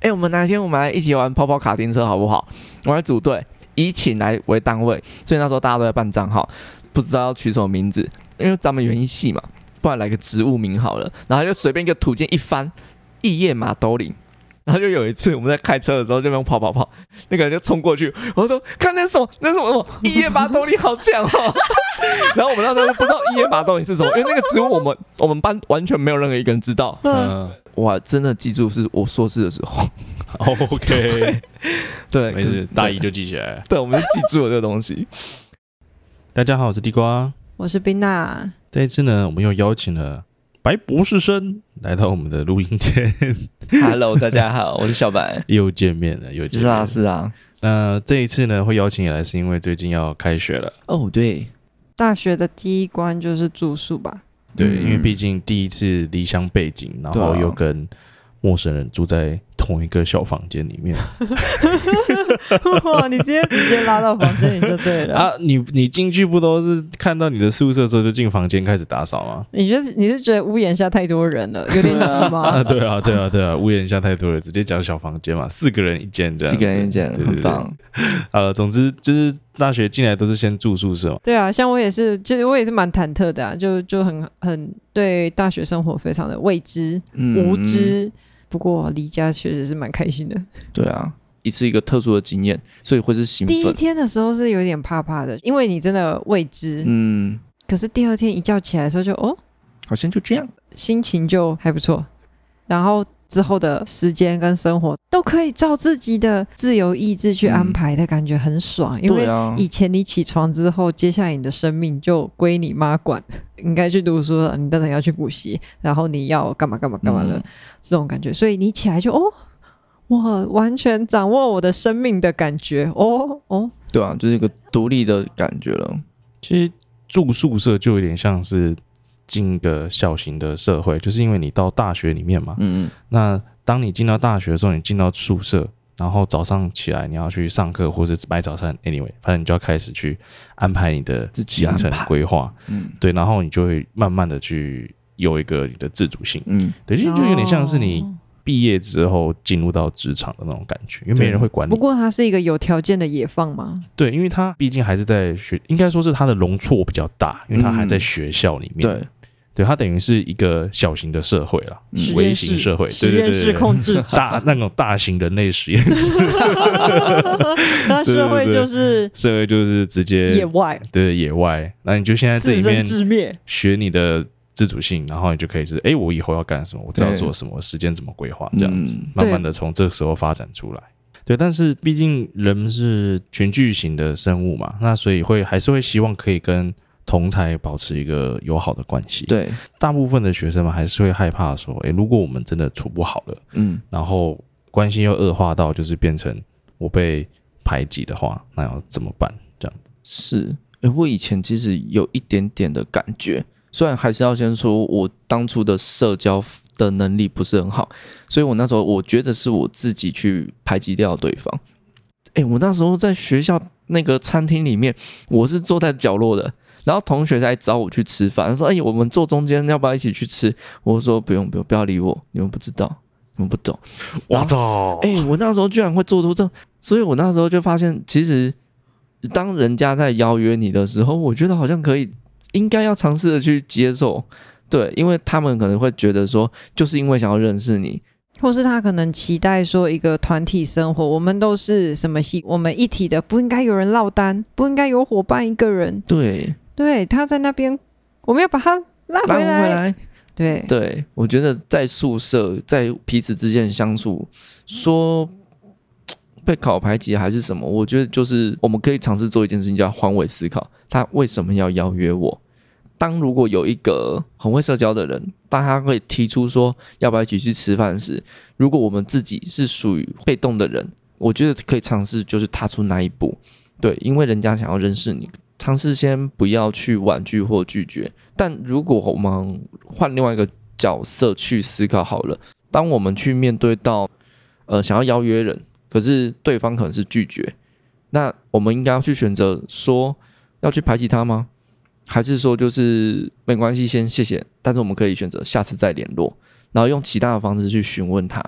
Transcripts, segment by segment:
誒、欸，我們哪一天，我們來一起玩跑跑卡丁車好不好？我們來組隊，以寢來為單位，所以那時候大家都在辦賬號，不知道要取什麼名字，因為咱們園藝系嘛，不然來個植物名好了，然後就隨便一個圖鑑一翻，異葉馬兜鈴。然後就有一次，我們在開車的時候，就用跑跑跑，那個人就衝過去。我說：“看那什麼，那什麼，一葉馬兜鈴好強哦！” 然後我們當時不知道一葉馬兜鈴是什麼，因為那個植物，我們我們班完全沒有任何一個人知道。嗯、啊，哇，真的記住是我碩士的時候。 OK，對，對沒事，大一就記起來。對，我們記住了這個東西。 大家好，我是地瓜，我是冰娜。這一次呢，我們又邀請了。白博士生來到我們的錄音間。 Hello，大家好，我是小白， 又見面了，又見面。是啊，是啊。那這一次呢，會邀請你來，是因為最近要開學了。哦，oh, 對，大學的第一關就是住宿吧？對，嗯、因為畢竟第一次離鄉背井，然後又跟陌生人住在同一個小房間裡面， 哇！你直接你直接拉到房間裡就對了啊！你你進去不都是看到你的宿舍之後就進房間開始打掃嗎？你、就是你是覺得屋檐下太多人了， 有點擠嗎？啊？對啊對啊對啊，對啊！屋檐下太多人，直接講小房間嘛，四個人一間這樣，四個人一間，對對對對很棒。呃，總之就是大學進來都是先住宿舍，對啊，像我也是，其實我也是蠻忐忑的、啊，就就很很對大學生活非常的未知，嗯、無知。不過離家確實是蠻開心的，對啊，一次一個特殊的經驗，所以會是興奮。第一天的時候是有點怕怕的，因為你真的未知，嗯。可是第二天一覺起來的時候就哦，好像就這樣、啊，心情就還不錯，然後。之後的時間跟生活都可以照自己的自由意志去安排的感覺、嗯、很爽，因為以前你起床之後，嗯啊、接下來你的生命就歸你媽管，應該去讀書了，你當然要去補習，然後你要幹嘛幹嘛幹嘛了，嗯、這種感覺。所以你起來就哦，我完全掌握我的生命的感覺，哦哦，對啊，就是一個獨立的感覺了。其實住宿舍就有點像是。進一個小型的社會，就是因為你到大學裡面嘛。嗯嗯。那當你進到大學的時候，你進到宿舍，然後早上起來你要去上課，或是買早餐。Anyway，反正你就要開始去安排你的行程規劃。嗯，對。然後你就會慢慢的去有一個你的自主性。嗯，對，其實就有點像是你畢業之後進入到職場的那種感覺，嗯、因為沒人會管你。不過它是一個有條件的野放嘛。對，因為它畢竟還是在學，應該說是它的容錯比較大，因為它還在學校裡面。嗯、對。對，它等於是一個小型的社會了，微型社會，實驗室控制大那種大型人類實驗室，那社會就是社會就是直接野外對野外，那你就現在這裡面自生自滅，學你的自主性，然後你就可以是，哎，我以後要幹什麼，我知道做什麼，時間怎麼規劃，這樣子慢慢的從這個時候發展出來。對，但是畢竟人們是群聚型的生物嘛，那所以會還是會希望可以跟。同才保持一個友好的關係。對，大部分的學生嘛，還是會害怕說，誒，如果我們真的處不好了，嗯，然後關係又惡化到就是變成我被排擠的話，那要怎麼辦？這樣對、嗯、是，誒，我以前其實有一點點的感覺，雖然還是要先說我當初的社交的能力不是很好，所以我那時候我覺得是我自己去排擠掉對方。誒，我那時候在學校那個餐廳裡面，我是坐在角落的。然後同學才找我去吃飯，說：“哎、欸，我們坐中間，要不要一起去吃？”我說：“不用，不用，不要理我，你們不知道，你們不懂。”我操走！哎、欸，我那時候居然會做出這，所以我那時候就發現，其實當人家在邀約你的時候，我覺得好像可以，應該要嘗試的去接受，對，因為他們可能會覺得說，就是因為想要認識你，或是他可能期待說一個團體生活，我們都是什麼系，我們一體的，不應該有人落單，不應該有伙伴一個人，對。對，他在那邊，我們要把他拉回來。回來對對，我覺得在宿舍，在彼此之間相處，說、呃、被搞排擠還是什麼，我覺得就是我們可以嘗試做一件事情，叫換位思考。他為什麼要邀約我？當如果有一個很會社交的人，當他會提出說要不要一起去吃飯時，如果我們自己是屬於被動的人，我覺得可以嘗試就是踏出那一步。對，因為人家想要認識你。嘗試先不要去婉拒、或拒絕，但如果我們換另外一個角色去思考好了，當我們去面對到，呃，想要邀約人，可是對方可能是拒絕，那我們應該要去選擇說要去排擠他嗎？還是說就是沒關係，先謝謝，但是我們可以選擇下次再聯絡，然後用其他的方式去詢問他，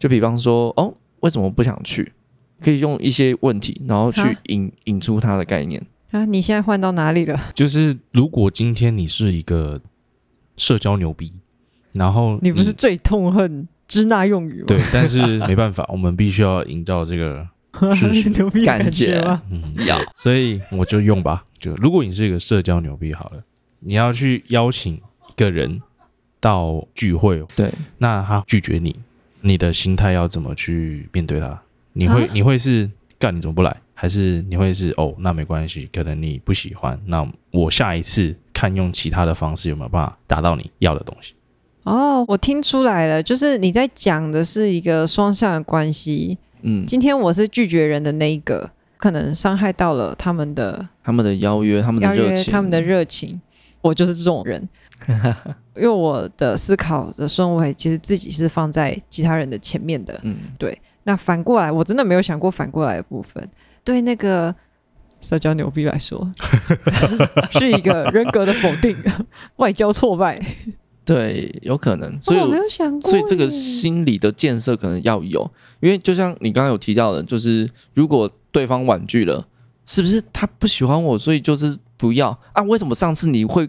就比方說哦，為什麼不想去？可以用一些問題，然後去引哈引出他的概念。啊，你現在換到哪裡了？就是如果今天你是一個社交牛逼，然後你，你不是最痛恨支那用語嗎？對，但是沒辦法， 我們必須要營造這個是牛逼感覺，嗯，要。所以我就用吧。就如果你是一個社交牛逼，好了，你要去邀請一個人到聚會，對，那他拒絕你，你的心態要怎麼去面對他？你會、啊、你會是幹？你怎麼不來？還是你會是哦？那沒關係，可能你不喜歡，那我下一次看用其他的方式有沒有辦法達到你要的東西。哦，我聽出來了，就是你在講的是一個雙向的關係。嗯，今天我是拒絕人的那一個，可能傷害到了他們的、他們的邀約、他們的熱情、他們的熱情。我就是這種人， 因為我的思考的順位其實自己是放在其他人的前面的。嗯，對。那反過來，我真的沒有想過反過來的部分。對那個社交牛逼來說， 是一個人格的否定，外交挫敗。對，有可能。所以我有沒有想過？所以這個心理的建設可能要有，因為就像你剛剛有提到的，就是如果對方婉拒了，是不是他不喜歡我，所以就是不要啊？為什麼上次你會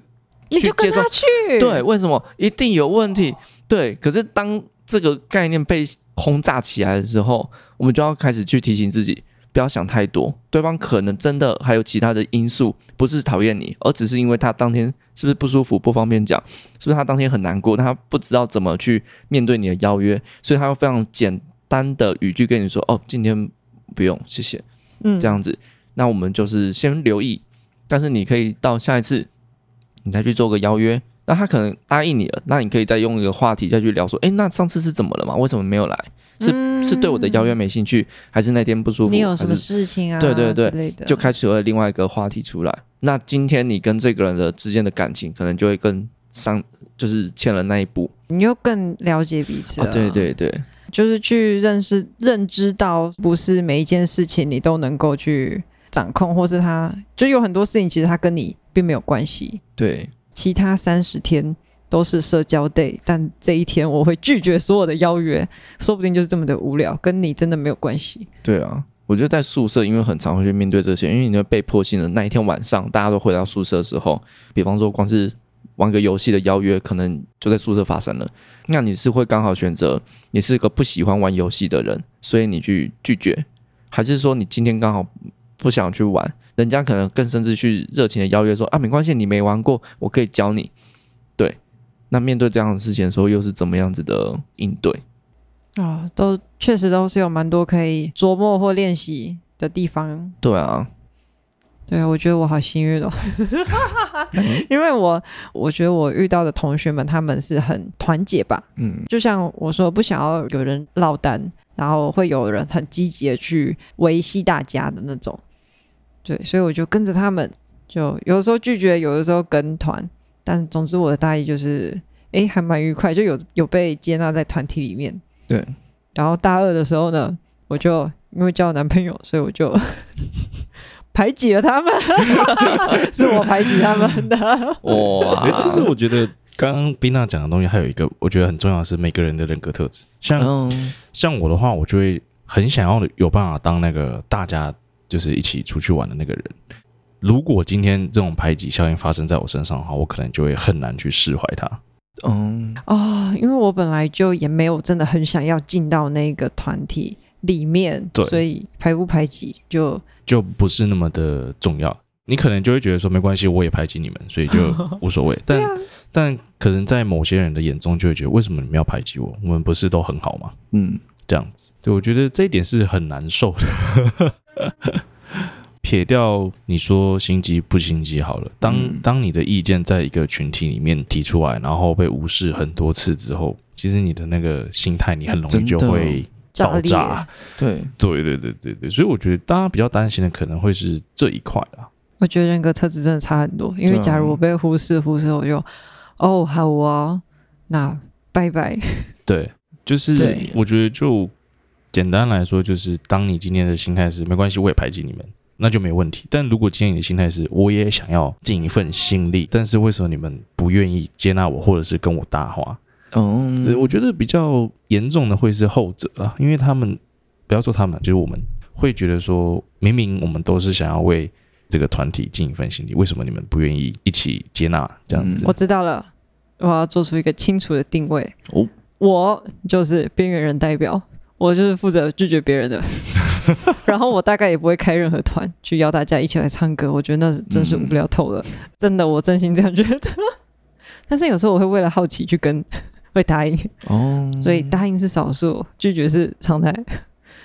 去接受？去對，為什麼一定有問題？哦、對，可是當這個概念被轟炸起來的時候，我們就要開始去提醒自己。不要想太多，對方可能真的還有其他的因素，不是討厭你，而只是因為他當天是不是不舒服，不方便講，是不是他當天很難過，但他不知道怎麼去面對你的邀約，所以他用非常簡單的語句跟你說：“哦，今天不用，謝謝。”嗯，這樣子，嗯、那我們就是先留意，但是你可以到下一次你再去做個邀約，那他可能答應你了，那你可以再用一個話題再去聊說：“誒，那上次是怎麼了嗎？為什麼沒有來？”是是對我的邀約沒興趣，嗯、還是那天不舒服？你有什麼事情啊？對對對，就開始有了另外一個話題出來。那今天你跟這個人的之間的感情，可能就會更上，就是欠了那一步。你又更了解彼此了。哦、對對對，就是去認識、認知到，不是每一件事情你都能夠去掌控，或是他，就有很多事情其實他跟你並沒有關係。對，其他三十天。都是社交 day，但這一天我會拒絕所有的邀約，說不定就是這麼的無聊，跟你真的沒有關係。對啊，我覺得在宿舍，因為很常會去面對這些，因為你的被迫性的那一天晚上，大家都回到宿舍的時候，比方說光是玩個遊戲的邀約，可能就在宿舍發生了。那你是會剛好選擇你是一個不喜歡玩遊戲的人，所以你去拒絕，還是說你今天剛好不想去玩，人家可能更甚至去熱情的邀約說啊，沒關係，你沒玩過，我可以教你。那面對這樣的事情的時候，又是怎麼樣子的應對啊？都確實都是有蠻多可以琢磨或練習的地方。對啊，對啊，我覺得我好幸運哦， 嗯、因為我我覺得我遇到的同學們他們是很團結吧，嗯，就像我說不想要有人落單，然後會有人很積極的去維繫大家的那種，對，所以我就跟着他們，就有的時候拒絕，有的時候跟團。但總之，我的大一就是，哎、欸，還蠻愉快，就有有被接納在團體裡面。對。然後大二的時候呢，我就因為交男朋友，所以我就 排擠了他們， 是我排擠他們的。哇、 哦啊！其實我覺得剛剛賓娜講的東西，還有一個我覺得很重要的是，每個人的人格特質。像、嗯、像我的話，我就會很想要有辦法當那個大家就是一起出去玩的那個人。如果今天這種排擠效應發生在我身上的話，我可能就會很難去釋懷它。嗯啊，oh, 因為我本來就也沒有真的很想要進到那個團體裡面，對所以排不排擠就就不是那麼的重要。你可能就會覺得說沒關係，我也排擠你們，所以就無所謂。 但、啊、但可能在某些人的眼中，就會覺得為什麼你們要排擠我？我們不是都很好嗎？嗯，這樣子，對我覺得這一點是很難受的。 撇掉你說心機不心機好了，當、嗯、當你的意見在一個群體裡面提出來，然後被無視很多次之後，其實你的那個心態，你很容易就會爆炸。對對對對對對，所以我覺得大家比較擔心的，可能會是這一塊啊。我覺得人格特質真的差很多，因為假如我被忽視，忽視我就、啊、哦好啊、哦，那拜拜。對，就是我覺得就簡單來說，就是當你今天的心態是沒關係，我也排擠你們。那就沒問題。但如果今天你的心態是，我也想要盡一份心力，但是為什麼你們不願意接納我，或者是跟我搭話？哦，oh. 所以我覺得比較嚴重的會是後者啊，因為他們不要說他們，就是我們會覺得說，明明我們都是想要為這個團體盡一份心力，為什麼你們不願意一起接納這樣子？我知道了，我要做出一個清楚的定位。我、oh. 我就是邊緣人代表，我就是負責拒絕別人的。 然後我大概也不會開任何團去邀大家一起來唱歌，我覺得那真是無聊透了，嗯、真的，我真心這樣覺得。 但是有時候我會為了好奇去跟，會答應哦，所以答應是少數，拒絕是常態。嗯、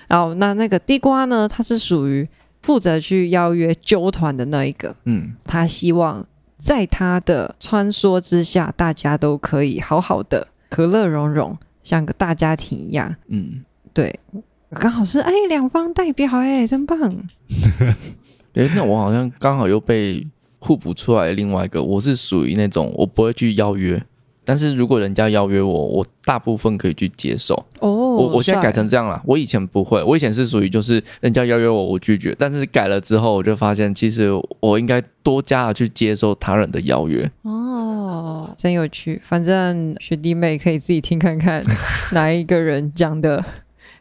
然後那那個地瓜呢，他是屬於負責去邀約揪團的那一個，嗯，他希望在他的穿梭之下，大家都可以好好的，和樂融融，像個大家庭一樣，嗯，對。我剛好是哎，兩方代表好、欸、哎，真棒！哎、 欸，那我好像剛好又被互補出來。另外一個，我是屬於那種我不會去邀約，但是如果人家邀約我，我大部分可以去接受。哦，我我現在改成這樣了。帥我以前不會，我以前是屬於就是人家邀約我，我拒絕。但是改了之後，我就發現其實我應該多加去接受他人的邀約。哦，真有趣。反正學弟妹可以自己聽看看，哪一個人講的。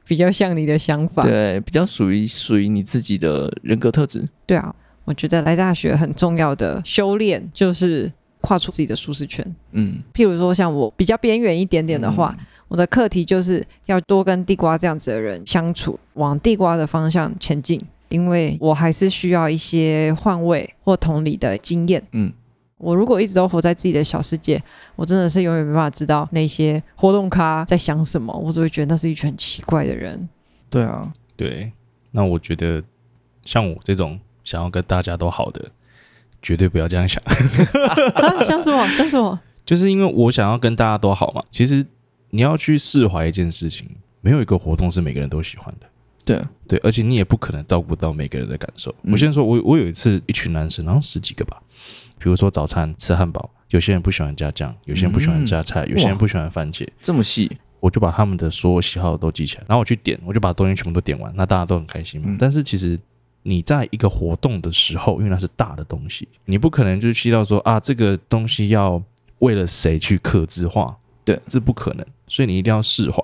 比較像你的想法，對，比較屬於屬於你自己的人格特質，對啊，我覺得來大學很重要的修煉就是跨出自己的舒適圈。嗯，譬如說像我比較邊緣一點點的話，嗯、我的課題就是要多跟地瓜這樣子的人相處，往地瓜的方向前進，因為我還是需要一些換位或同理的經驗。嗯。我如果一直都活在自己的小世界，我真的是永遠沒辦法知道那些活動咖在想什麼。我只會覺得那是一群很奇怪的人。對啊，對。那我覺得像我這種想要跟大家都好的，絕對不要這樣想。像、 啊、什麼？像什麼？就是因為我想要跟大家都好嘛。其實你要去釋懷一件事情，沒有一個活動是每個人都喜歡的。對、啊、對。而且你也不可能照顧到每個人的感受。嗯、我先說我，我我有一次一群男生，然後十幾個吧。比如說早餐吃漢堡，有些人不喜歡加醬，有些人不喜歡加菜，有些人不喜歡番茄。這麼細？我就把他們的所有喜好都記起來，然後我去點，我就把東西全部都點完，那大家都很開心嘛。嗯、但是其實你在一個活動的時候，因為那是大的東西，你不可能就是去到說，啊，這個東西要為了誰去客製化，對，這不可能。所以你一定要釋懷。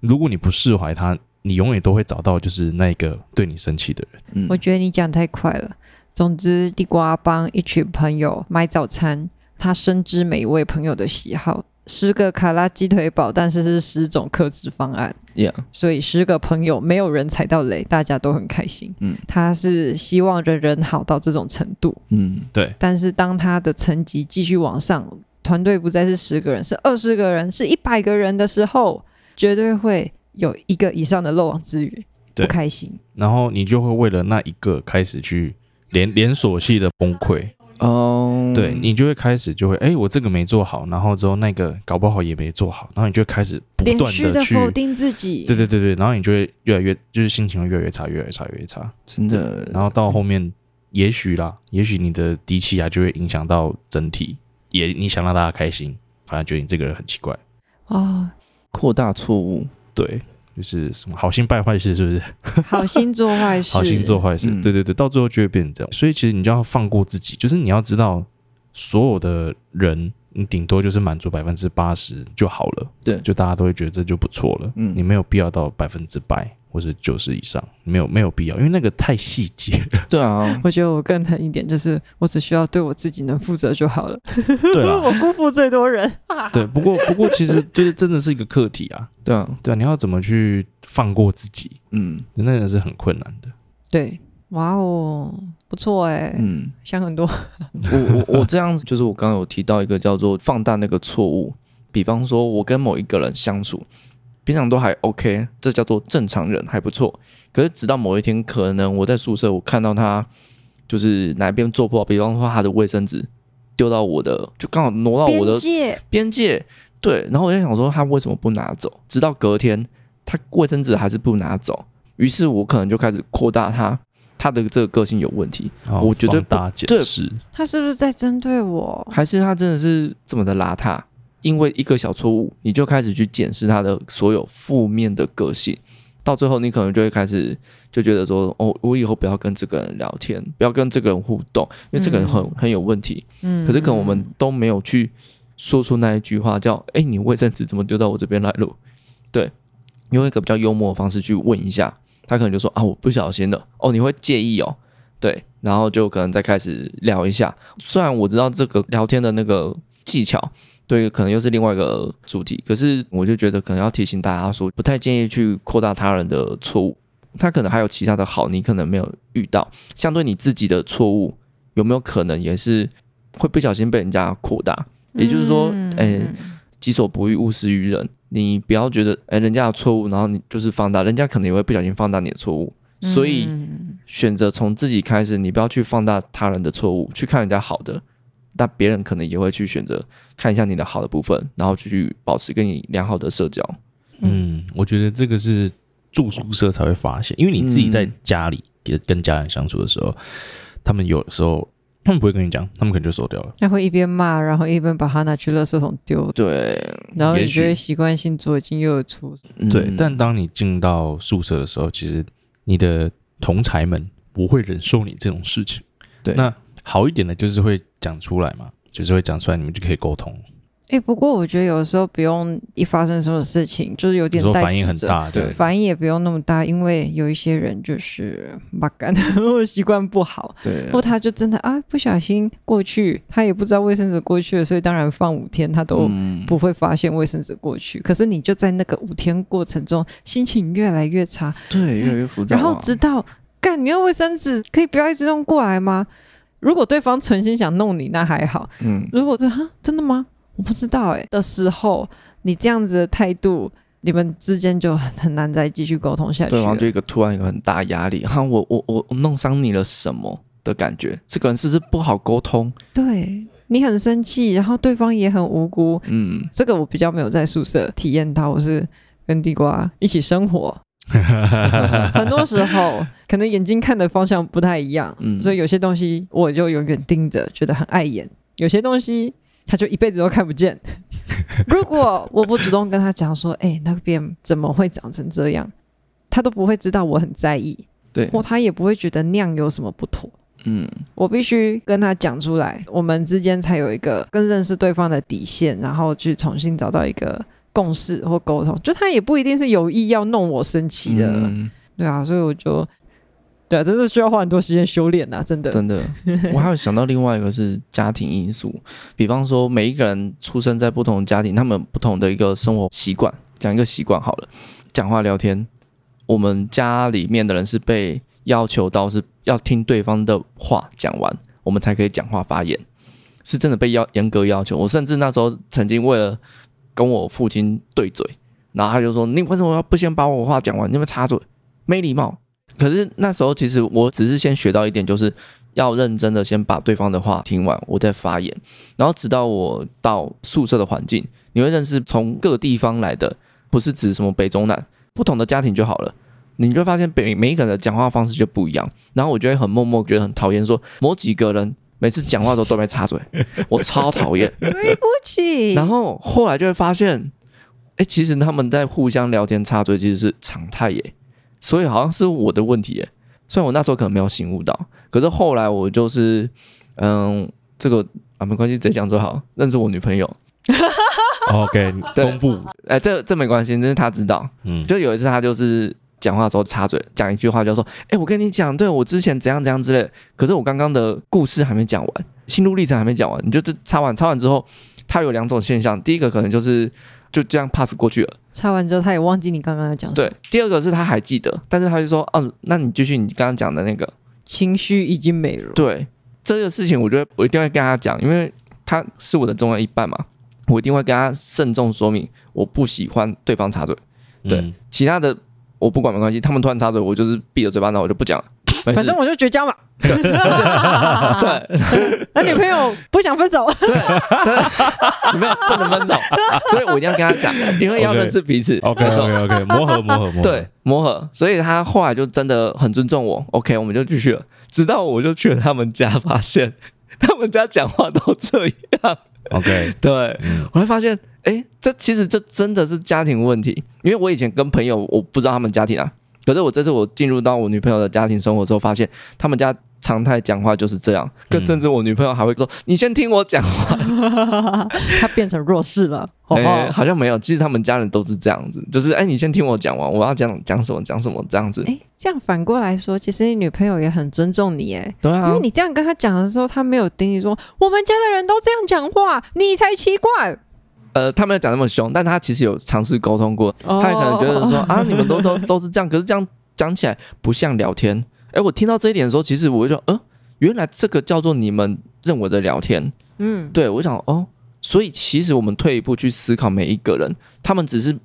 如果你不釋懷他，你永遠都會找到就是那個對你生氣的人。嗯、我覺得你講太快了。總之，地瓜幫一群朋友買早餐。他深知每一位朋友的喜好，十個卡拉雞腿堡，但是是十種客製方案。Yeah. 所以十個朋友沒有人踩到雷，大家都很開心。嗯，他是希望人人好到這種程度。嗯，對。但是當他的層級繼續往上，團隊不再是十個人，是二十個人，是一百個人的時候，絕對會有一個以上的漏網之魚，對不開心。然後你就會為了那一個開始去。連連鎖系的崩潰，哦，um，對你就會開始就會，哎，欸，我這個沒做好，然後之後那個搞不好也沒做好，然後你就開始不斷的去續的否定自己，對對對對，然後你就會越來越就是心情會越來越差，越來越差，越來越差，真的。然後到後面，也許啦，也許你的低氣壓就會影響到整體，也你想讓大家開心，反而覺得你這個人很奇怪啊，擴大錯誤，對。就是什麼好心辦壞事，是不是？好心做壞事， 好心做壞事，嗯、對對對，到最後就會變成這樣。所以其實你就要放過自己，就是你要知道，所有的人。你頂多就是滿足百分之八十就好了，對，就大家都會覺得這就不錯了。嗯，你沒有必要到百分之百或是九十以上，沒有沒有必要，因為那個太細節。對啊，我覺得我更狠一點，就是我只需要對我自己能負責就好了。 對，因為我辜負最多人 對，不過不過，其實就是真的是一個課題啊。對啊，對啊，你要怎麼去放過自己？嗯，那個是很困難的。對。哇哦，wow, 不錯哎、欸，嗯，像很多、嗯 我。我我我這樣子，就是我剛剛有提到一個叫做放大那個錯誤，比方說我跟某一個人相處，平常都還 OK，這叫做正常人還不錯。可是直到某一天，可能我在宿舍我看到他就是哪邊做不好，比方說他的衛生紙丟到我的，就剛好挪到我的邊界，邊界對。然後我就想說他為什麼不拿走？直到隔天他衛生紙還是不拿走，於是我可能就開始擴大他。他的這個個性有問題，哦、我覺得不是他是不是在針對我，還是他真的是這麼的邋遢？因為一個小錯誤，你就開始去檢視他的所有負面的個性，到最後你可能就會開始就覺得說：“哦，我以後不要跟這個人聊天，不要跟這個人互動，因為這個人很、嗯、很有問題。”嗯，可是可能我們都沒有去說出那一句話，叫“誒、欸，你衛生紙怎麼丟到我這邊來了？”對，用一個比較幽默的方式去問一下。他可能就說啊，我不小心的，哦，你會介意哦？對，然後就可能再開始聊一下。雖然我知道這個聊天的那個技巧，對，可能又是另外一個主題，可是我就覺得可能要提醒大家說，不太建議去擴大他人的錯誤。他可能還有其他的好，你可能沒有遇到。相對你自己的錯誤，有沒有可能也是會不小心被人家擴大？嗯，也就是說，嗯，哎，己所不欲，勿施於人。你不要覺得哎、欸，人家有錯誤，然後你就是放大，人家可能也會不小心放大你的錯誤。嗯、所以選擇從自己開始，你不要去放大他人的錯誤，去看人家好的，那別人可能也會去選擇看一下你的好的部分，然後去保持跟你良好的社交。嗯，我覺得這個是住宿舍才會發現，因為你自己在家裡跟家、嗯、跟家人相處的時候，他們有的時候。他們不會跟你講，他們可能就走掉了。他會一邊罵，然後一邊把它拿去垃圾桶丟。對，然後你覺得習慣性左進右出。許嗯、對，但當你進到宿舍的時候，其實你的同儕們不會忍受你這種事情。對，那好一點的就是會講出來嘛，就是會講出來，你們就可以溝通。哎、欸，不過我覺得有時候不用一發生什麼事情，就是有點代。你說反應很大，對，反應也不用那麼大，因為有一些人就是敏的，或習慣不好，對，或他就真的啊，不小心過去，他也不知道衛生紙過去了，所以當然放五天他都不會發現衛生紙過去。嗯、可是你就在那個五天過程中，心情越來越差，對，越來越複雜。然後知道，幹，你用衛生紙可以不要一直弄過來嗎？如果對方存心想弄你，那還好，嗯，如果這哈、啊，真的嗎？我不知道哎、欸，的時候，你這樣子的態度，你們之間就很難再繼續溝通下去。對方就一個突然有很大壓力，然後我我我我弄傷你了什麼的感覺，這個人是不是不好溝通？對你很生氣，然後對方也很無辜。嗯，這個我比較沒有在宿舍體驗到，我是跟地瓜一起生活， 很多時候可能眼睛看的方向不太一樣，嗯，所以有些東西我就永遠盯着，覺得很礙眼，有些東西。他就一輩子都看不見。 如果我不主動跟他講說，哎、欸，那個邊怎麼會長成這樣，他都不會知道我很在意，對，或他也不會覺得那樣有什麼不妥。嗯，我必須跟他講出來，我們之間才有一個更認識對方的底線，然後去重新找到一個共識或溝通。就他也不一定是有意要弄我生氣的，嗯、對啊，所以我就。對啊，真是需要花很多時間修煉吶啊，真的。真的，我還有想到另外一個是家庭因素， 比方說每一個人出生在不同的家庭，他們不同的一個生活習慣，講一個習慣好了，講話聊天，我們家裡面的人是被要求到是要聽對方的話講完，我們才可以講話發言，是真的被要嚴格要求。我甚至那時候曾經為了跟我父親對嘴，然後他就說：“你為什麼要不先把我話講完？你們插嘴，沒禮貌。”可是那時候，其實我只是先學到一點，就是要認真的先把對方的話聽完，我再發言。然後直到我到宿舍的環境，你會認識從各地方來的，不是指什麼北中南，不同的家庭就好了。你就會發現北每一個人的講話方式就不一樣。然後我就會很默默，覺得很討厭，說某幾個人每次講話的時候都在插嘴，我超討厭。對不起。然後後來就會發現，哎，其實他們在互相聊天插嘴，其實是常態耶。所以好像是我的問題，欸，雖然我那時候可能沒有醒悟到，可是後來我就是，嗯，這個啊，沒關係，直接講就好。認識我女朋友 ，OK，公布，哎、欸，這這沒關係，這是他知道，嗯，就有一次他就是講話的時候插嘴，講一句話就說，哎、欸，我跟你講，對我之前怎樣怎樣之類，可是我剛剛的故事還沒講完，心路歷程還沒講完，你就這插完插完之後，他有兩種現象，第一個可能就是。就這樣 pass 過去了。插完之後，他也忘記你剛剛要講什麼。對，第二個是他還記得，但是他就說，哦，那你繼續你剛剛講的那個情緒已經沒了。對，這個事情，我覺得我一定會跟他講，因為他是我的重要一半嘛，我一定會跟他慎重說明，我不喜歡對方插嘴。對，嗯、其他的我不管沒關係，他們突然插嘴，我就是閉着嘴巴，那我就不講了。沒反正我就絕交嘛。 對。他女朋友不想分手。對，不能分手。所以我一定要跟他講，因為要認識彼此。Okay, 沒錯 OK OK OK。磨合磨合磨合。對，磨合。所以他後來就真的很尊重我。OK，我們就繼續了。直到我就去了他們家，發現他們家講話都這樣。OK。 對。我才發現，哎，這其實這真的是家庭問題。因為我以前跟朋友，我不知道他們家庭啊。可是我這次我進入到我女朋友的家庭生活之後，發現他們家常態講話就是這樣，嗯、更甚至我女朋友還會說：“你先聽我講話。” 他變成弱勢了。哎、 欸，好像沒有，其實他們家人都是這樣子，就是哎、欸，你先聽我講完，我要講講什麼講什麼這樣子。哎、欸，這樣反過來說，其實你女朋友也很尊重你，哎，對啊，因為你這樣跟他講的時候，他沒有定義說，我們家的人都這樣講話，你才奇怪。呃，他沒有講那麼凶，但他其實有嘗試溝通過，他也可能覺得說啊，你們都都都是這樣，可是這樣講起來不像聊天。哎，我聽到這一點的時候，其實我就說呃，原來這個叫做你們認為的聊天，嗯，對，我想說哦，所以其實我們退一步去思考，每一個人他們只是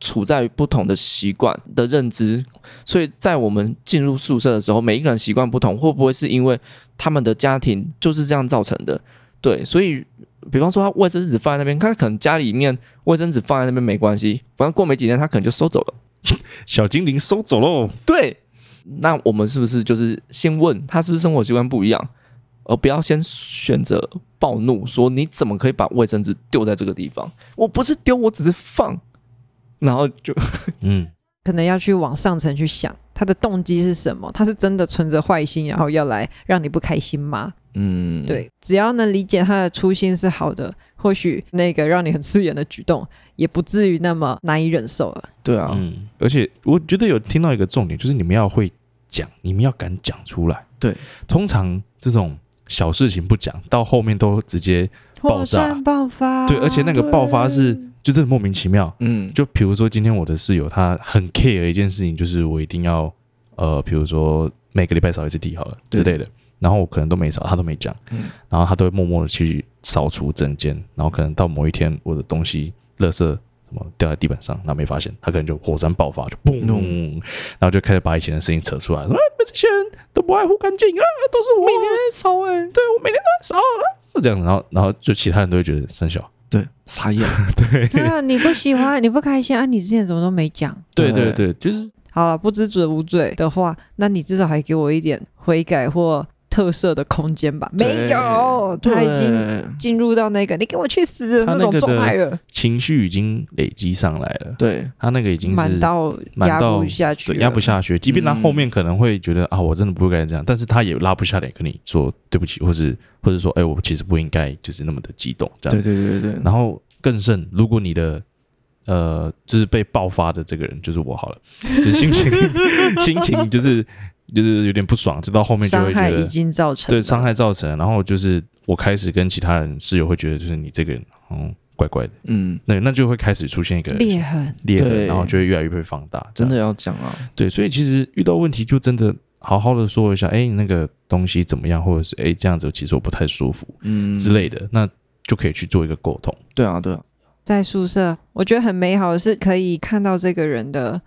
處在不同的習慣的認知，所以在我們進入宿舍的時候，每一個人習慣不同，會不會是因為他們的家庭就是這樣造成的？對，所以。比方說，他衛生紙放在那邊，他可能家裡面衛生紙放在那邊沒關係，反正過沒幾天，他可能就收走了。小精靈收走嘍。對，那我們是不是就是先問他是不是生活習慣不一樣，而不要先選擇暴怒，說你怎麼可以把衛生紙丟在這個地方？我不是丟，我只是放，然後就 嗯，可能要去往上層去想，他的動機是什麼？他是真的存着壞心，然後要來讓你不開心嗎？嗯，對，只要能理解他的初心是好的，或許那個讓你很刺眼的舉動也不至於那麼難以忍受了。對啊，嗯，而且我覺得有聽到一個重點，就是你們要會講，你們要敢講出來。對，通常這種小事情不講，到後面都直接爆炸爆發。對，而且那個爆發是對就是莫名其妙。嗯，就比如說今天我的室友他很 care 一件事情，就是我一定要呃，比如說每個禮拜掃一次地好了對之類的。然後我可能都沒掃，他都沒講。嗯、然後他都會默默的去掃除整間，然後可能到某一天，我的東西、垃圾什麼掉在地板上，那沒發現，他可能就火山爆發，就嘣，嗯、然後就開始把以前的事情扯出來，什麼、哎，這些人都不愛護乾淨啊，都是我每天在掃哎、欸，對我每天都在掃，就、啊、這樣。然後，然後就其他人都會覺得生小。對，傻眼 對，然後你不喜歡，你不開心啊？你之前怎麼都沒講？對對對，對對就是好了，不知者無罪的話，那你至少還給我一點悔改或。特色的空間吧，對沒有，他已經進入到那個“對你給我去死的”那的那種狀態了，情緒已經累積上來了。對他那個已經是滿到壓不下去，壓不下去。嗯、即便他後面可能會覺得啊，我真的不會該這樣，但是他也拉不下臉跟你說對不起，或是或者說，哎，我其實不應該就是那麼的激動這樣。對，對對對對。然後更甚，如果你的呃，就是被爆發的這個人就是我好了，就是、心情 心情就是。就是有點不爽，直到後面就會覺得傷害已經造成，對傷害造成，然後就是我開始跟其他人室友會覺得，就是你這個人嗯怪怪的，嗯，乖乖嗯對，那就會開始出現一個裂痕、裂痕，對然後就會越來越被放大。真的要講啊，對，所以其實遇到問題就真的好好的說一下，哎、欸，那個東西怎麼樣，或者是哎、欸、這樣子，其實我不太舒服，嗯之類的，嗯、那就可以去做一個溝通。對啊，對啊，對，在宿舍我覺得很美好的是可以看到這個人的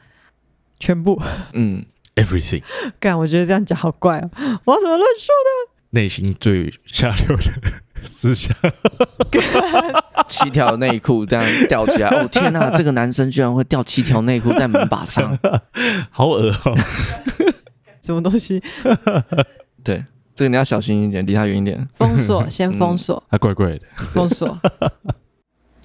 全部，嗯。Everything，幹！我覺得這樣講好怪哦、啊，我要怎麼亂說呢？內心最下流的思想， 七條內褲這樣吊起來，哦天哪！ 這個男生居然會吊七條內褲在門把上， 好噁噁哦！ 什麼東西？ 對，這個你要小心一點，離他遠一點。封鎖，先封鎖。嗯、還怪怪的。對封鎖。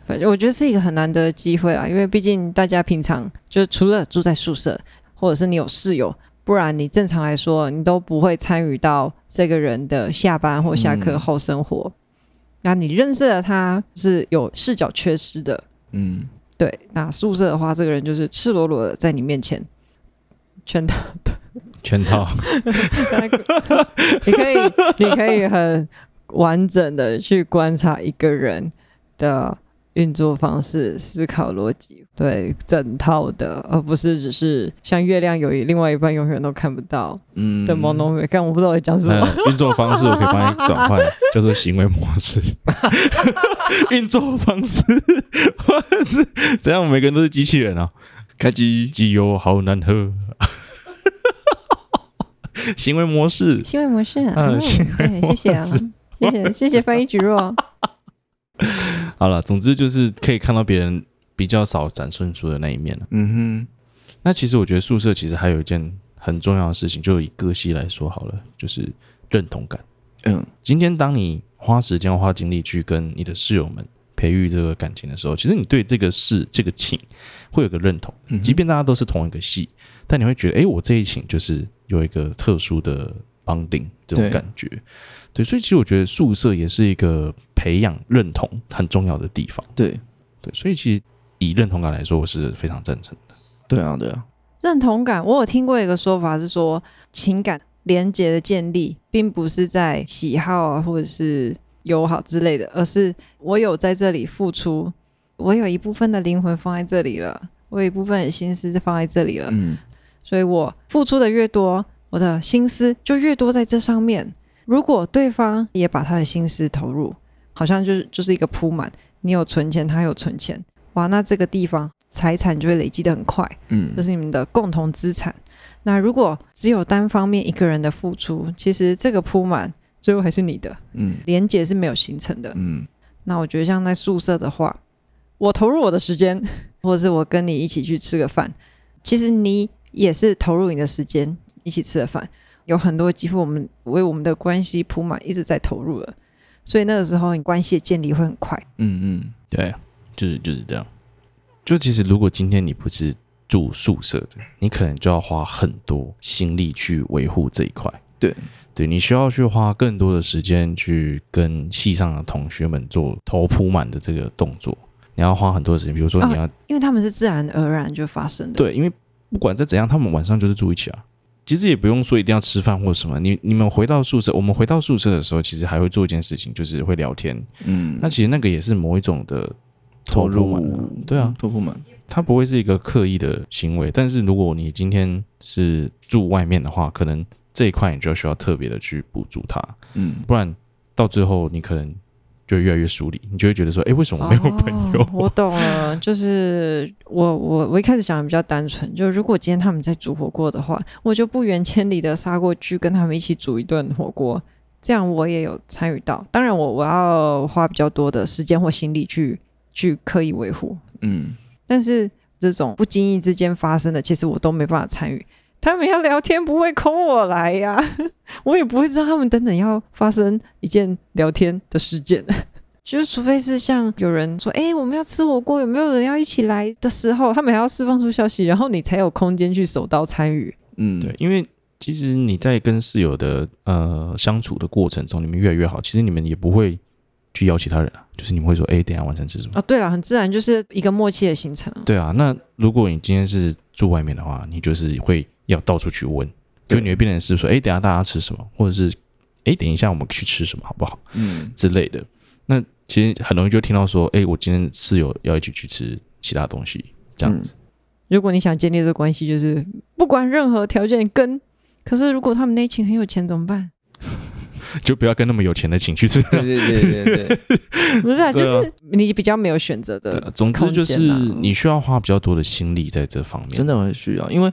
反正我覺得是一個很難得的機會啊，因為畢竟大家平常就除了住在宿舍。或者是你有室友，不然你正常來說，你都不會參與到這個人的下班或下課後生活。嗯、那你認識的他是有視角缺失的，嗯，對。那宿舍的話，這個人就是赤裸裸的在你面前全套全套， 你可以你可以很完整的去觀察一個人的。運作方式、思考邏輯，對整套的，而不是只是像月亮有一另外一半永遠都看不到。嗯，的朦朧美，但我不知道在講什麼。運作方式，我可以幫你轉換，叫做 行為模式。 運作方式，這 樣每個人都是機器人啊！開機，機油好難喝。 行為模式，行為模式啊！對、哎，謝謝啊， 謝謝，謝謝翻譯菊若。 好了，總之就是可以看到別人比較少展現出的那一面了、啊。嗯哼，那其實我覺得宿舍其實還有一件很重要的事情，就以各系來說好了，就是認同感。嗯，今天當你花時間花精力去跟你的室友們培育這個感情的時候，其實你對這個事這個寢會有個認同。即便大家都是同一個系，但你會覺得，哎、欸，我這一寢就是有一個特殊的。Bonding 這種感覺，對，對，所以其實我覺得宿舍也是一個培養認同很重要的地方。對，對，所以其實以認同感來說，我是非常贊成的。對啊，對啊，對啊，認同感，我有聽過一個說法是說，情感連接的建立，並不是在喜好啊，或者是友好之類的，而是我有在這裡付出，我有一部分的靈魂放在這裡了，我有一部分的心思放在這裡了。嗯，所以我付出的越多。我的心思就越多在這上面。如果對方也把他的心思投入，好像就是就是一個撲滿。你有存錢，他有存錢，哇，那這個地方財產就會累積得很快。嗯，這是你們的共同資產。那如果只有單方面一個人的付出，其實這個撲滿最後還是你的。嗯，連結是沒有形成的。嗯，那我覺得像在宿舍的話，我投入我的時間，或者是我跟你一起去吃個飯，其實你也是投入你的時間。一起吃了飯，有很多機會我們為我們的關係撲滿，一直在投入了，所以那個時候你關係的建立會很快。嗯嗯，對，就是就是這樣。就其實，如果今天你不是住宿舍的，你可能就要花很多心力去維護這一塊。對對，你需要去花更多的時間去跟系上的同學們做投撲滿的這個動作。你要花很多的時間，比如說你要、哦，因為他們是自然而然就發生的。對，因為不管再怎樣，他們晚上就是住一起啊。其實也不用說一定要吃飯或什麼，你，你們回到宿舍，我們回到宿舍的時候，其實還會做一件事情，就是會聊天。嗯，那其實那個也是某一種的投入，投入啊，對啊，嗯、投入嘛，它不會是一個刻意的行為。但是如果你今天是住外面的話，可能這一塊你就需要特別的去補足它，嗯，不然到最後你可能，就越來越疏離，你就會覺得說，哎、欸，為什麼我沒有朋友？哦、我懂了，就是我我我一開始想的比較單純，就如果今天他們在煮火鍋的話，我就不遠千里的殺過去跟他們一起煮一頓火鍋，這樣我也有參與到。當然我，我我要花比較多的時間或心力去去刻意維護，嗯，但是這種不經意之間發生的，其實我都沒辦法參與。他們要聊天不會空我來呀、啊，我也不會知道他們等等要發生一件聊天的事件，就是除非是像有人說，哎、欸，我們要吃火鍋，有沒有人要一起來的時候，他們還要釋放出消息，然後你才有空間去手刀參與。嗯，對，因為其實你在跟室友的呃相處的過程中，你們越來越好，其實你們也不會。去邀其他人啊，就是你們會說，哎，等一下晚餐吃什麼啊？哦，對了，很自然就是一個默契的行程。對啊，那如果你今天是住外面的話，你就是會要到處去問，對就你會變成是說，哎，等一下大家吃什麼？或者是，哎，等一下我們去吃什麼，好不好？嗯，之類的。那其實很容易就聽到說，哎，我今天室友要一起去吃其他東西，這樣子，嗯。如果你想建立這關係，就是不管任何條件跟。可是如果他們那群很有錢怎麼辦？就不要跟那麼有錢的情緒，對對對對對， 對啊、不是，啊，就是你比較沒有選擇的、啊啊。總之就是你需要花比較多的心力在這方面，真的很需要。因為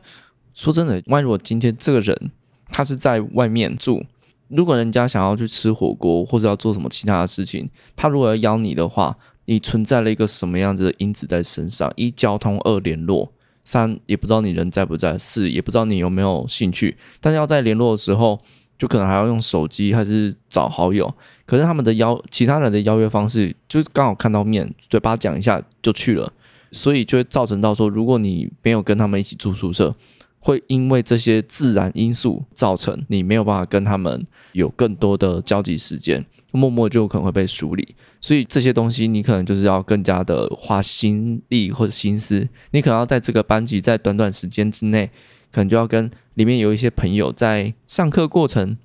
說真的，萬一我今天這個人他是在外面住，如果人家想要去吃火鍋或者要做什麼其他的事情，他如果要邀你的話，你存在了一個什麼樣子的因子在身上？一交通，二聯絡，三也不知道你人在不在，四也不知道你有沒有興趣。但是要在聯絡的時候。就可能還要用手機，還是找好友。可是他們的邀，其他人的邀約方式，就是剛好看到面，嘴巴講一下就去了，所以就會造成到說，如果你沒有跟他們一起住宿舍，會因為這些自然因素造成你沒有辦法跟他們有更多的交集時間，默默就可能會被疏離。所以這些東西，你可能就是要更加的花心力或者心思，你可能要在這個班級在短短時間之內。可能就要跟裡面有一些朋友在上課過程，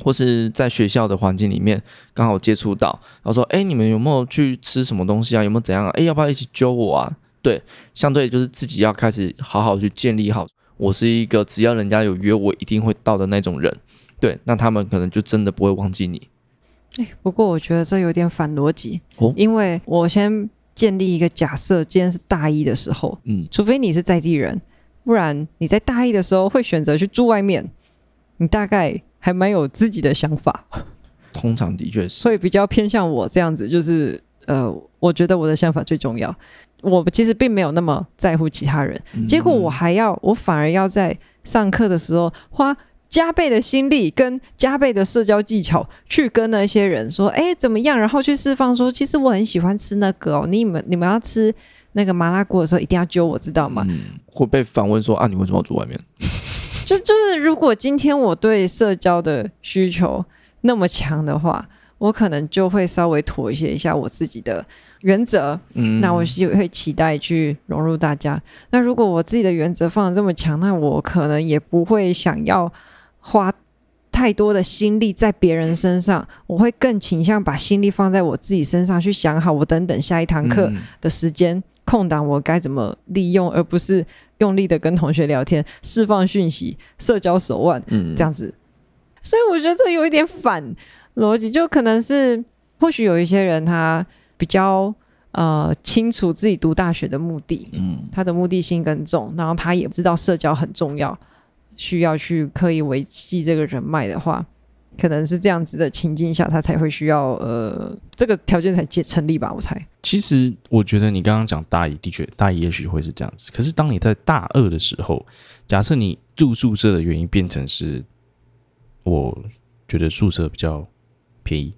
或是在學校的環境裡面剛好接觸到，然後說：“哎、欸，你們有沒有去吃什麼東西啊？有沒有怎樣啊？哎、欸，要不要一起揪我啊？”對，相對就是自己要開始好好去建立好，我是一個只要人家有約我一定會到的那種人。對，那他們可能就真的不會忘記你。哎、欸，不過我覺得這有點反邏輯，哦？因為我先建立一個假設，今天是大一的時候，嗯，除非你是在地人。不然你在大一的時候會選擇去住外面，你大概還蠻有自己的想法。通常的確是，所以比較偏向我這樣子，就是呃，我覺得我的想法最重要。我其實並沒有那麼在乎其他人，嗯、哼結果我還要，我反而要在上課的時候花加倍的心力跟加倍的社交技巧去跟那些人說，哎，怎麼樣？然後去釋放說，其實我很喜歡吃那個哦，你們你們要吃那個麻辣鍋的時候一定要揪，我知道嗎？嗯，會被反問說啊，你為什麼要住外面？ 就就是，如果今天我對社交的需求那麼強的話，我可能就會稍微妥協一下我自己的原則。嗯，那我是會期待去融入大家。那如果我自己的原則放的這麼強，那我可能也不會想要花太多的心力在別人身上。我會更傾向把心力放在我自己身上，去想好我等等下一堂課的時間。嗯空檔我該怎麼利用，而不是用力的跟同學聊天、釋放訊息、社交手腕，嗯，這樣子。所以我覺得這有一點反邏輯，就可能是或許有一些人他比較呃清楚自己讀大學的目的，嗯，他的目的性更重，然後他也知道社交很重要，需要去刻意維繫這個人脈的話。可能是這樣子的情境下，他才會需要呃，這個條件才結成立吧？我猜。其實我覺得你剛剛講大一的確，大一也許會是這樣子。可是當你在大二的時候，假設你住宿舍的原因變成是，我覺得宿舍比較便宜，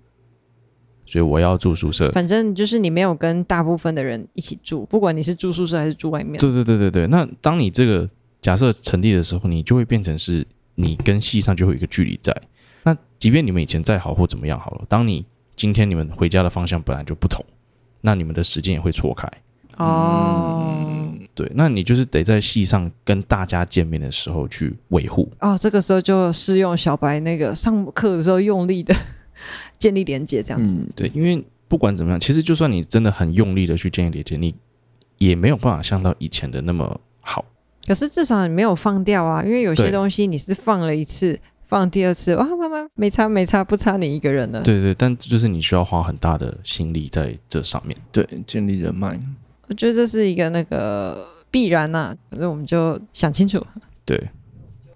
所以我要住宿舍。反正就是你沒有跟大部分的人一起住，不管你是住宿舍還是住外面。對對對對對。那當你這個假設成立的時候，你就會變成是你跟系上就會有一個距離在。即便你們以前再好或怎麼樣好了，當你今天你們回家的方向本來就不同，那你們的時間也會錯開。哦、嗯，對，那你就是得在系上跟大家見面的時候去維護。哦，這個時候就是用小白那個上課的時候用力的建立連接，這樣子、嗯。對，因為不管怎麼樣，其實就算你真的很用力的去建立連接，你也沒有辦法像到以前的那麼好。可是至少你沒有放掉啊，因為有些東西你是放了一次。放第二次哇，媽媽沒差沒差，不差你一個人的對，對對，但就是你需要花很大的心力在這上面，對，建立人脈，我覺得這是一個那個必然吶、啊。那我們就想清楚。對，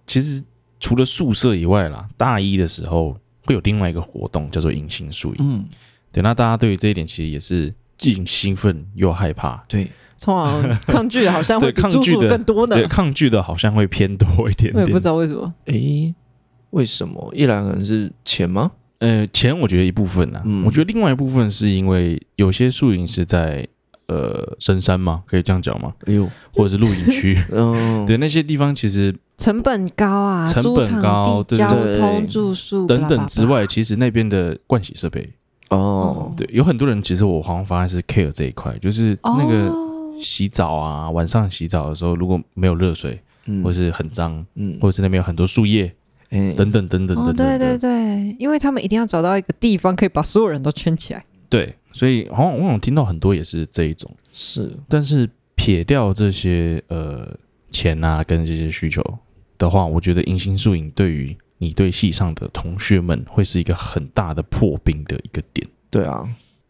其實除了宿舍以外啦，大一的時候會有另外一個活動叫做迎新宿營。嗯，對。那大家對於這一點其實也是既興奮又害怕。對，通常抗拒好像會抗拒的， 抗拒的更多呢。對，抗拒的好像會偏多一點，點。我也不知道為什麼。誒、欸。為什麼？一來可能是錢嗎？呃，錢我覺得一部分吶，我覺得另外一部分是因為有些宿營，是在呃深山嘛，可以這樣講嗎？哎呦，或者是露營區，哦。對，那些地方其實成本高啊，成本高，交通、住宿等等之外，其實那邊的盥洗設備哦，對，有很多人其實我好像發現是 care 這一塊，就是那個洗澡啊，晚上洗澡的時候如果沒有熱水，嗯，或是很髒，嗯，或者是那邊有很多樹葉。等等等等等，等、哦，對對對，因為他們一定要找到一個地方可以把所有人都圈起來。對，所以好像我有聽到很多也是這一種。是，但是撇掉這些呃錢啊跟這些需求的話，我覺得迎新宿營對於你對系上的同學們會是一個很大的破冰的一個點。對啊，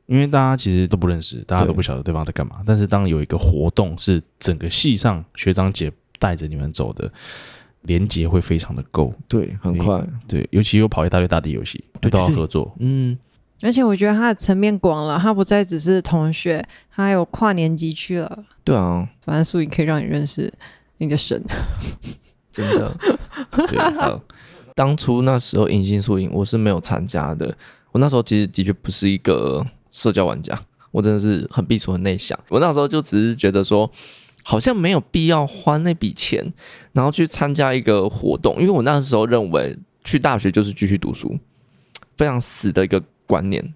因為大家其實都不認識，大家都不曉得對方在幹嘛。對但是當有一個活動是整個系上學長姐帶着你們走的。連接會非常的夠，對，很快，對,對，尤其又跑一大堆大地遊戲，對，都要合作，對對對嗯，而且我覺得他的層面廣了，他不再只是同學，他還有跨年級去了，對啊，反正宿營可以讓你認識那個神， 真的，啊。 呃、 當初那時候迎新宿營我是沒有參加的，我那時候其實的確不是一個社交玩家，我真的是很避暑、很內向，我那時候就只是覺得說。好像沒有必要花那筆錢，然後去參加一個活動，因為我那時候認為去大學就是繼續讀書，非常死的一個觀念。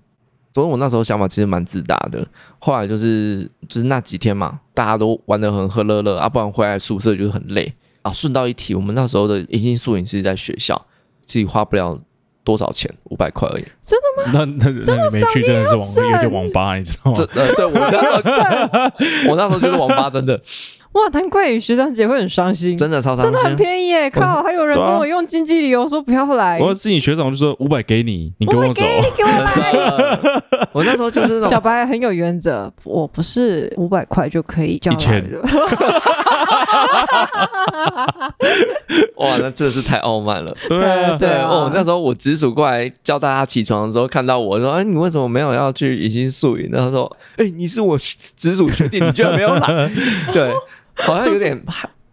所以，我那時候想法其實蠻自大的。後來就是就是那幾天嘛，大家都玩的很喝樂樂啊，不然回來宿舍就是很累啊。順道一提，我們那時候的迎新宿營其實在學校，自己花不了。多少錢？五百塊而已。真的嗎？那那，那你沒去真的是網，有點網吧，你知道嗎？真、呃、對我那時候， 我那時候覺得網吧真的哇，難怪你學長姐會很傷心，真的超傷心，真的很便宜哎！靠，我還有人跟我用經濟理由說不要來我、啊。我自己學長就說五百給你，你跟我走。給你給我，來我那時候就是 小白很有原則，我不是五百塊就可以叫來的。千 哈！ 哇，那真的是太傲慢了。對啊對,啊對哦，那時候我直屬過來叫大家起床的時候，看到我說：“哎、欸，你為什麼沒有要去迎新宿營？”然後他說：“哎、欸，你是我直屬學弟，你居然沒有來。” 對，好像有點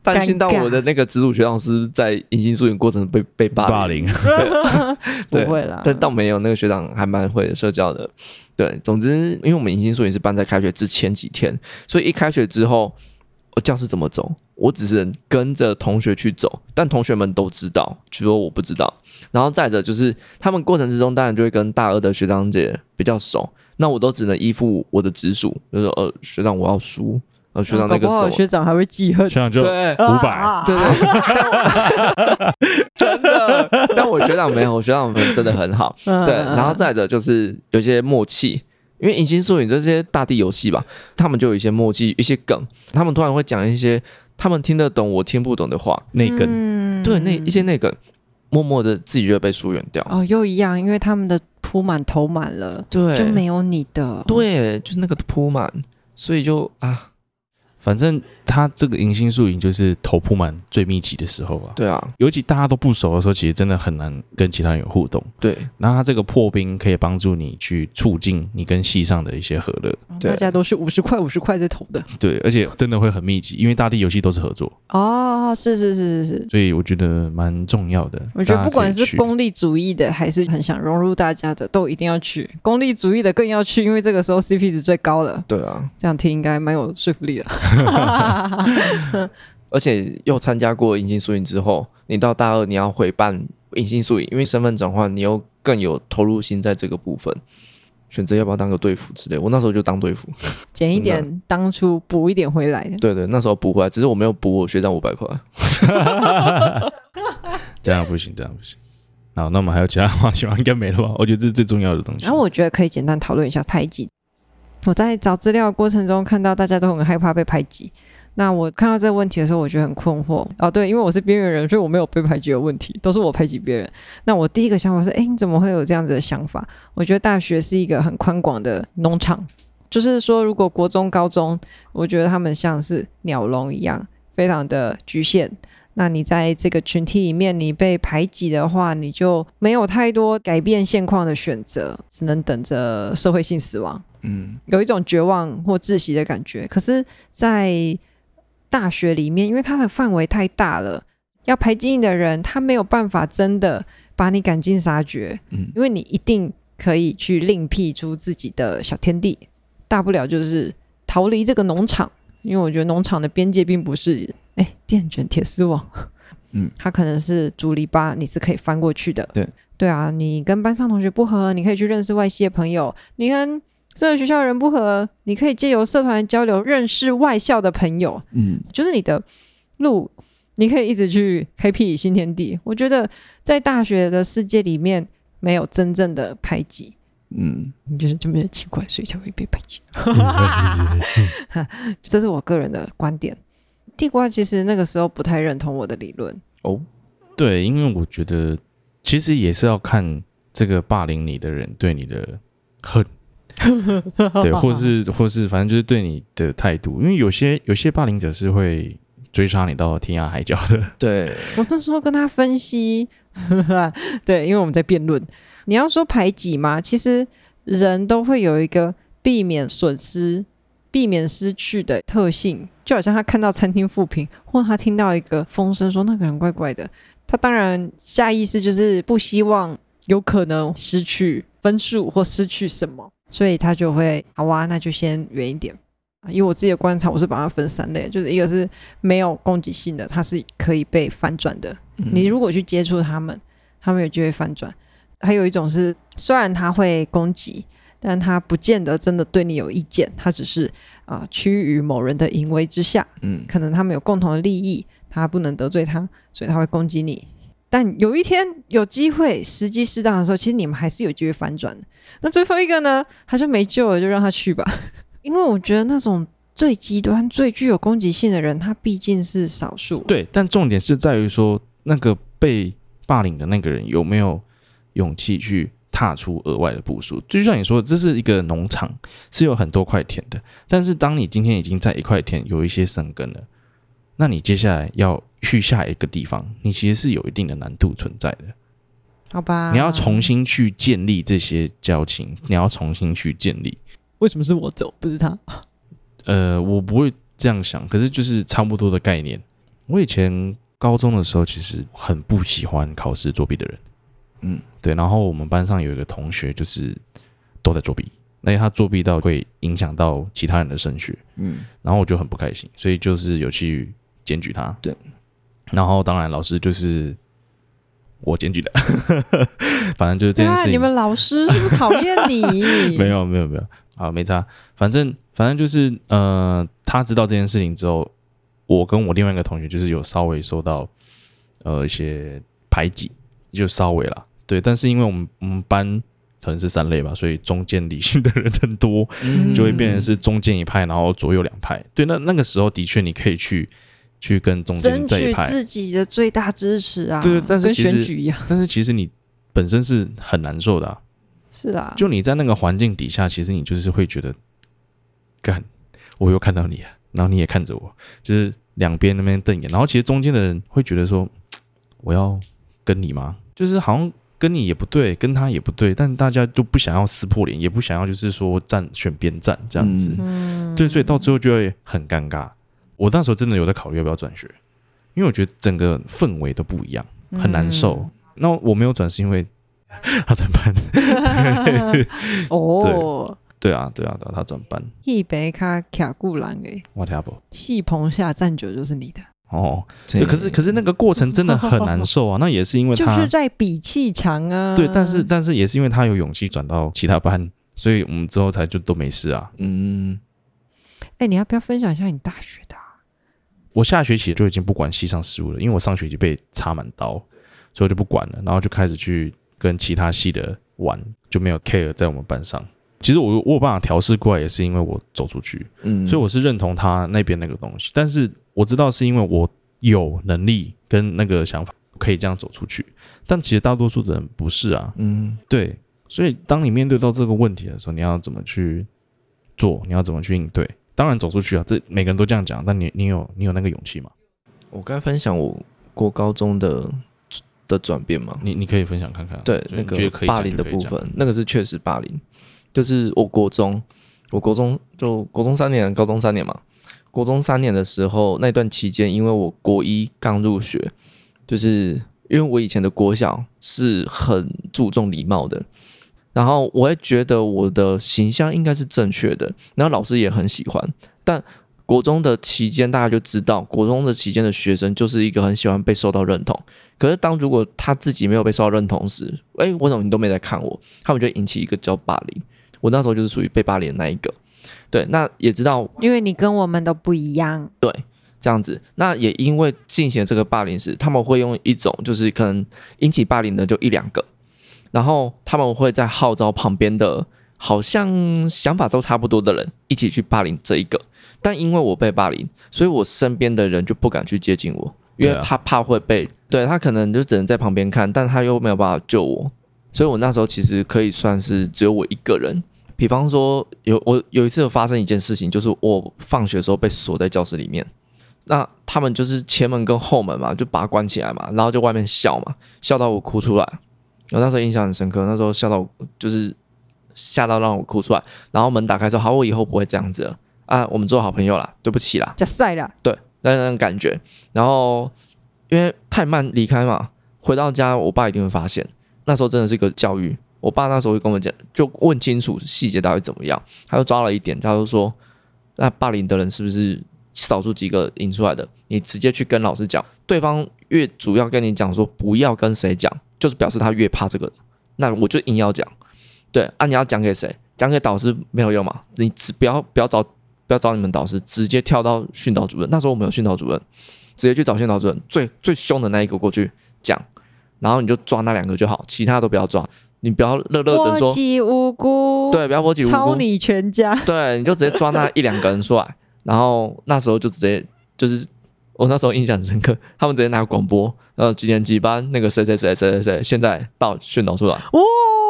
擔心到我的那個直屬學長是,是在迎新宿營過程被被霸凌。霸凌 對會但倒沒有。那個學長還蠻會社交的。對，總之，因為我們迎新宿營是辦在開學之前幾天，所以一開學之後。我教室怎麼走？我只是跟着同學去走，但同學們都知道，就是、說我不知道。然後再者就是，他們過程之中當然就會跟大二的學長姐比較熟，那我都只能依附我的直屬，就是呃學長我要輸，呃學長那個、啊、學長還會記恨，學長就對五百，真的。 但我學長沒有，我學長們真的很好，對。然後再者就是有些默契。因為迎新宿營這些大地遊戲吧，他們就有一些默契，一些梗，他們突然會講一些他們聽得懂我聽不懂的話，那梗，對那一些那個默默的自己就被疏遠掉。哦，又一樣，因為他們的撲滿投滿了，對，就沒有你的，對，就是那個撲滿，所以就啊，反正。他這個迎新宿營就是投撲滿最密集的時候啊，對啊，尤其大家都不熟的時候，其實真的很難跟其他人有互動。對，那他這個破冰可以幫助你去促進你跟系上的一些和樂。對、嗯，大家都是五十塊五十塊在投的。對，而且真的會很密集，因為大地遊戲都是合作。 哦，是是是是是，所以我覺得蠻重要的。我覺得不管是功利主義的，還是很想融入大家的，都一定要去。功利主義的更要去，因為這個時候 CP 值最高了。對啊，這樣聽應該蠻有說服力的。 而且又參加過迎新宿營之後，你到大二你要回辦迎新宿營，因為身份轉換，你又更有投入心在這個部分，選擇要不要當個隊輔之類。我那時候就當隊輔，減一點，那當初補一點回來。對，對對，那時候補回來，只是我沒有補，我學長五百塊。這樣不行，這樣不行。好，那我們還有其他話題嗎？應該沒了吧？我覺得這是最重要的東西。然後我覺得可以簡單討論一下排擠。我在找資料過程中看到大家都很害怕被排擠。那我看到這個問題的時候，我覺得很困惑啊、哦。對，因為我是邊緣人，所以我沒有被排擠的問題，都是我排擠別人。那我第一個想法是：哎、欸，你怎麼會有這樣子的想法？我覺得大學是一個很寬廣的農場，就是說，如果國中、高中，我覺得他們像是鳥籠一樣，非常的局限。那你在這個群體裡面，你被排擠的話，你就沒有太多改變現況的選擇，只能等着社會性死亡。嗯，有一種絕望或窒息的感覺。可是，在大學裡面，因為它的範圍太大了，要排擠你的人，他沒有辦法真的把你趕盡殺絕。嗯，因為你一定可以去另闢出自己的小天地，大不了就是逃離這個農場。因為我覺得農場的邊界並不是哎、欸、電卷鐵絲網，嗯，它可能是竹籬笆，你是可以翻過去的。對，對啊，你跟班上同學不合，你可以去認識外系的朋友。你跟。所以學校人不合，你可以借由社團交流認識外校的朋友。嗯，就是你的路，你可以一直去開闢新天地。我覺得在大學的世界裡面，沒有真正的排擠。嗯，你就是這麼奇怪，所以才會被排擠。嗯、 這是我個人的觀點。地瓜其實那個時候不太認同我的理論。哦，對，因為我覺得其實也是要看這個霸凌你的人對你的恨。 對，或是或是，反正就是對你的態度，因為有些有些霸凌者是會追殺你到天涯海角的。對，我那時候跟他分析， 對，因為我們在辯論。你要說排擠嗎？其實人都會有一個避免損失、避免失去的特性，就好像他看到餐廳負評，或他聽到一個風聲說那個人怪怪的，他當然下意識就是不希望有可能失去分數或失去什麼，所以他就會好哇、啊，那就先遠一點。因為我自己的觀察，我是把它分三類，就是一個是沒有攻擊性的，它是可以被反轉的。嗯、你如果去接觸他們，他們有機會反轉。還有一種是雖然他會攻擊，但他不見得真的對你有意見，他只是啊屈於某人的淫威之下。嗯，可能他們有共同的利益，他不能得罪他，所以他會攻擊你。但有一天有機會、時機適當的時候，其實你們還是有機會反轉。那最後一個呢？還是沒救了，就讓他去吧。 因為我覺得那種最極端、最具有攻擊性的人，他畢竟是少數。對，但重點是在於說，那個被霸凌的那個人有沒有勇氣去踏出額外的步數？就像你說，這是一個農場，是有很多塊田的。但是當你今天已經在一塊田有一些生根了。那你接下來要去下一個地方，你其實是有一定的難度存在的，好吧？你要重新去建立這些交情，嗯、你要重新去建立。為什麼是我走，不是他？呃，我不會這樣想，可是就是差不多的概念。我以前高中的時候，其實很不喜歡考試作弊的人。嗯，對。然後我們班上有一個同學，就是都在作弊，那他作弊到會影響到其他人的升學。嗯，然後我就很不開心，所以就是有去。檢舉他，對，然後當然老師就是我檢舉的， 反正就是這件事情、啊。你們老師是不是討厭你 沒？沒有沒有沒有，好，沒差。反正反正就是，呃，他知道這件事情之後，我跟我另外一個同學就是有稍微受到呃一些排擠，就稍微啦。對，但是因為我們我們班可能是三類吧，所以中間理性的人很多，嗯、就會變成是中間一派，然後左右兩派。對，那那個時候的確你可以去。去跟中間爭取自己的最大支持啊！對，但是其實，選舉一樣，但是其實你本身是很難受的、啊，是啊。就你在那個環境底下，其實你就是會覺得，幹，我又看到你了，然後你也看着我，就是兩邊那邊瞪眼，然後其實中間的人會覺得說，我要跟你嗎？就是好像跟你也不對，跟他也不對，但大家就不想要撕破臉，也不想要就是說站選邊站這樣子，嗯、對，所以到最後就會很尷尬。我那時候真的有在考慮要不要轉學，因為我覺得整個氛圍都不一樣，很難受。那、嗯、我沒有轉是因為他轉班。哦對，對啊，對啊，對，他轉班。一白卡卡古蘭誒，我聽不。戲棚下站久就是你的。哦，對,對，可是可是那個過程真的很難受啊。 那也是因為他就是在比氣場啊。對，但是但是也是因為他有勇氣轉到其他班，所以我們之後才就都沒事啊。嗯。哎、欸，你要不要分享一下你大學的、啊？我下學期就已經不管系上事務了，因為我上學期被插滿刀，所以我就不管了，然後就開始去跟其他系的玩，就沒有 care 在我們班上。其實我我有辦法調適過來，也是因為我走出去，嗯，所以我是認同他那邊那個東西，但是我知道是因為我有能力跟那個想法可以這樣走出去，但其實大多數的人不是啊，嗯，對，所以當你面對到這個問題的時候，你要怎麼去做？你要怎麼去應對？當然走出去啊！這每個人都這樣講，但你你有你有那個勇氣嗎？我該分享我國高中的的轉變嗎？你你可以分享看看。對，那個霸凌的部分，那個是確實霸凌，就是我國中，我國中就國中三年，高中三年嘛。國中三年的時候，那段期間，因為我國一剛入學，就是因為我以前的國小是很注重禮貌的。然後我也覺得我的形象應該是正確的，然後老師也很喜歡。但國中的期間大家就知道，國中的期間的學生就是一個很喜歡被受到認同。可是當如果他自己沒有被受到認同時，哎，我怎麼你都沒在看我？他們就引起一個叫霸凌。我那時候就是屬於被霸凌的那一個。對，那也知道，因為你跟我們都不一樣。對，這樣子。那也因為進行這個霸凌時，他們會用一種就是可能引起霸凌的就一兩個。然後他們會在號召旁邊的好像想法都差不多的人一起去霸凌這一個，但因為我被霸凌，所以我身邊的人就不敢去接近我，因為他怕會被，對他可能就只能在旁邊看，但他又沒有辦法救我，所以我那時候其實可以算是只有我一個人。比方說有我有一次有發生一件事情，就是我放學的時候被鎖在教室裡面，那他們就是前門跟後門嘛，就把他關起來嘛，然後就外面笑嘛，笑到我哭出來。我那時候印象很深刻，那時候嚇到就是嚇到讓我哭出來。然後門打開之後，好，我以後不會這樣子了啊，我們做好朋友啦，對不起啦，假賽啦，對，那那種感覺。然後因為太慢離開嘛，回到家我爸一定會發現。那時候真的是個教育，我爸那時候會跟我們講，就問清楚細節到底怎麼樣。他就抓了一點，他就說，那霸凌的人是不是少數幾個引出來的？你直接去跟老師講，對方越主要跟你講說不要跟誰講。就是表示他越怕這個，那我就硬要講。對啊，你要講給誰？講給導師沒有用嘛？你只不要不要找不要找你們導師，直接跳到訓導主任。那時候我們有訓導主任，直接去找訓導主任最最兇的那一個過去講，然後你就抓那兩個就好，其他都不要抓。你不要樂樂的說，波及無辜，對，不要波及無辜，抄你全家。對，你就直接抓那一兩個人出來， 然後那時候就直接就是。我那時候印象深刻，他們直接拿廣播，然後幾年幾班那個誰誰誰誰誰誰，現在到訓導處了，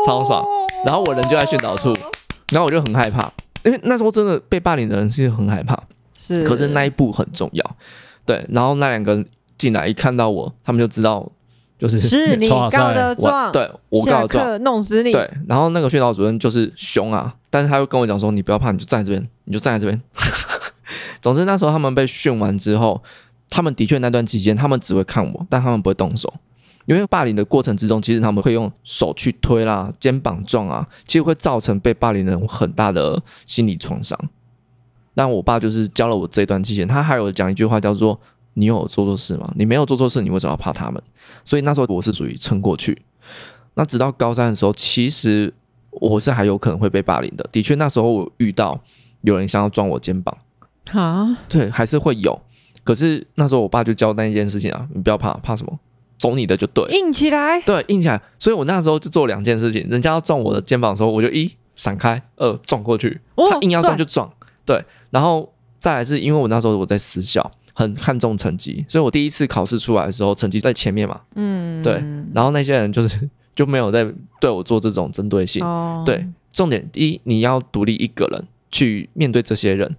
超爽。然後我人就在訓導處，然後我就很害怕，因、欸、為那時候真的被霸凌的人是很害怕。是，可是那一步很重要，對。然後那兩個進來一看到我，他們就知道，就是是你告的狀，對，我告的狀，弄死你，對。然後那個訓導主任就是凶啊，但是他又跟我講說，你不要怕，你就站這邊，你就站在這邊。 總之那時候他們被訓完之後。他們的確那段期間，他們只會看我，但他們不會動手，因為霸凌的過程之中，其實他們會用手去推啦、肩膀撞啊，其實會造成被霸凌人很大的心理創傷。但我爸就是教了我這段期間，他還有講一句話叫做：“你有做錯事嗎？你沒有做錯事，你為什麼要怕他們？”所以那時候我是屬於撐過去。那直到高三的時候，其實我是還有可能會被霸凌的。的確，那時候我遇到有人想要撞我肩膀，啊，對，還是會有。可是那時候我爸就交代一件事情啊，你不要怕，怕什麼？走你的就對，硬起來，對，硬起來。所以我那時候就做兩件事情，人家要撞我的肩膀的時候，我就一閃開，二撞過去。哦、他硬要撞就撞，帥對。然後再來是因為我那時候我在私校，很看重成績，所以我第一次考試出來的時候，成績在前面嘛，嗯，對。然後那些人就是就沒有在對我做這種針對性。哦、對，重點一，你要獨立一個人去面對這些人。